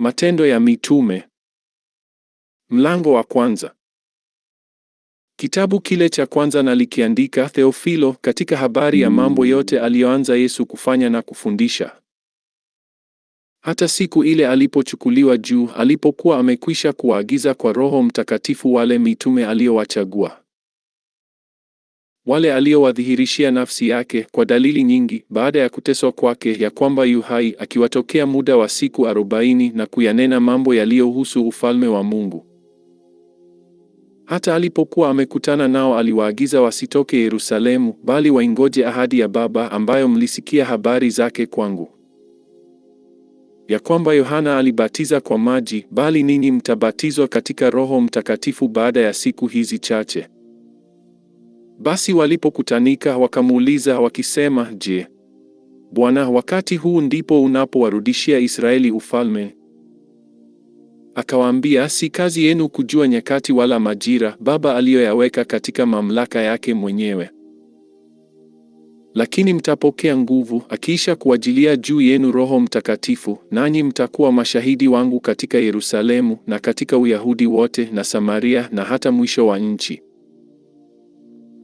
Matendo ya Mitume mlango wa kwanza. Kitabu kile cha kwanza nalikiandika Theofilo, katika habari ya mambo yote aliyoanza Yesu kufanya na kufundisha, hata siku ile alipochukuliwa juu, alipokuwa amekwisha kuwaagiza kwa Roho Mtakatifu wale mitume aliyowachagua wale aliowadhihirishia nafsi yake kwa dalili nyingi baada ya kuteswa kwake, ya kwamba yu hai, akiwatokea muda wa siku arobaini na kuyanena mambo yaliyohusu ufalme wa Mungu. Hata alipokuwa amekutana nao, aliwaagiza wasitoke Yerusalemu, bali waingoje ahadi ya Baba ambayo mlisikia habari zake kwangu, ya kwamba Yohana alibatiza kwa maji, bali ninyi mtabatizwa katika Roho Mtakatifu baada ya siku hizi chache. Basi walipokutanika wakamuuliza wakisema, Je, Bwana, wakati huu ndipo unapowarudishia Israeli ufalme? Akawaambia, si kazi yenu kujua nyakati wala majira Baba aliyoyaweka katika mamlaka yake mwenyewe. Lakini mtapokea nguvu, akiisha kuwajilia juu yenu Roho Mtakatifu, nanyi mtakuwa mashahidi wangu katika Yerusalemu na katika Uyahudi wote na Samaria na hata mwisho wa nchi.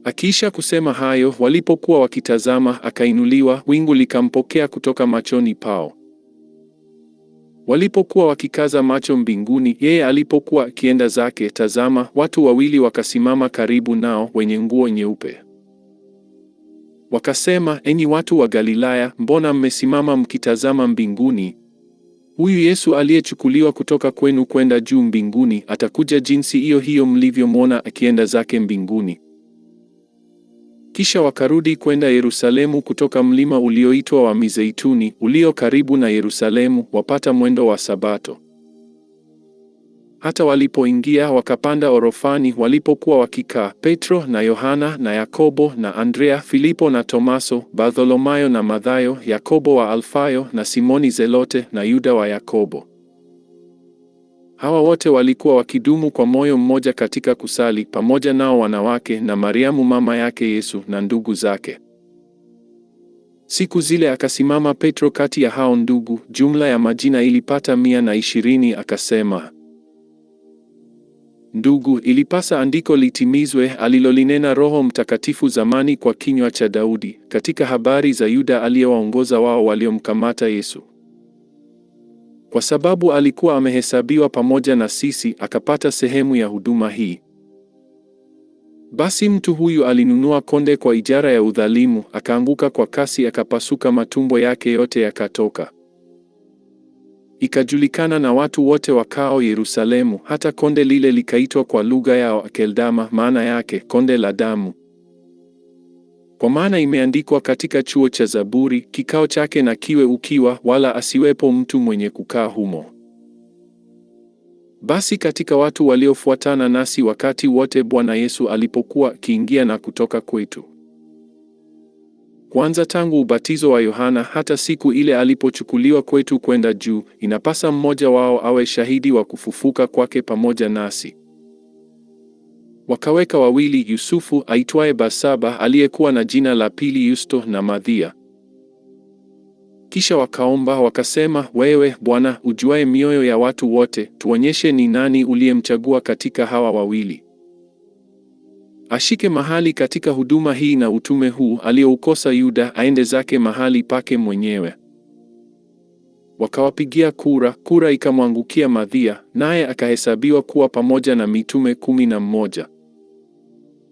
Akiisha kusema hayo, walipokuwa wakitazama, akainuliwa, wingu likampokea kutoka machoni pao. Walipokuwa wakikaza macho mbinguni, yeye alipokuwa akienda zake, tazama, watu wawili wakasimama karibu nao, wenye nguo nyeupe. Wakasema, enyi watu wa Galilaya, mbona mmesimama mkitazama mbinguni? Huyu Yesu aliyechukuliwa kutoka kwenu kwenda juu mbinguni, atakuja jinsi hiyo hiyo mlivyomwona akienda zake mbinguni. Kisha wakarudi kwenda Yerusalemu kutoka mlima ulioitwa wa Mizeituni ulio karibu na Yerusalemu, wapata mwendo wa Sabato. Hata walipoingia wakapanda orofani, walipokuwa wakikaa, Petro na Yohana na Yakobo na Andrea, Filipo na Tomaso, Bartholomayo na Mathayo, Yakobo wa Alfayo na Simoni Zelote na Yuda wa Yakobo. Hawa wote walikuwa wakidumu kwa moyo mmoja katika kusali, pamoja nao wanawake na Mariamu mama yake Yesu na ndugu zake. Siku zile akasimama Petro kati ya hao ndugu, jumla ya majina ilipata mia na ishirini, akasema, Ndugu, ilipasa andiko litimizwe alilolinena Roho Mtakatifu zamani kwa kinywa cha Daudi katika habari za Yuda aliyewaongoza wao waliomkamata Yesu. Kwa sababu alikuwa amehesabiwa pamoja na sisi, akapata sehemu ya huduma hii. Basi mtu huyu alinunua konde kwa ijara ya udhalimu, akaanguka kwa kasi, akapasuka, matumbo yake yote yakatoka. Ikajulikana na watu wote wakao Yerusalemu, hata konde lile likaitwa kwa lugha yao Akeldama, maana yake konde la damu. Kwa maana imeandikwa katika chuo cha Zaburi, kikao chake na kiwe ukiwa, wala asiwepo mtu mwenye kukaa humo. Basi katika watu waliofuatana nasi wakati wote Bwana Yesu alipokuwa akiingia na kutoka kwetu, kwanza tangu ubatizo wa Yohana hata siku ile alipochukuliwa kwetu kwenda juu, inapasa mmoja wao awe shahidi wa kufufuka kwake pamoja nasi. Wakaweka wawili Yusufu aitwaye Barsaba aliyekuwa na jina la pili Yusto na Madhia. Kisha wakaomba wakasema, wewe Bwana ujuaye mioyo ya watu wote, tuonyeshe ni nani uliyemchagua katika hawa wawili, ashike mahali katika huduma hii na utume huu aliyoukosa Yuda, aende zake mahali pake mwenyewe. Wakawapigia kura, kura ikamwangukia Madhia, naye akahesabiwa kuwa pamoja na mitume kumi na mmoja.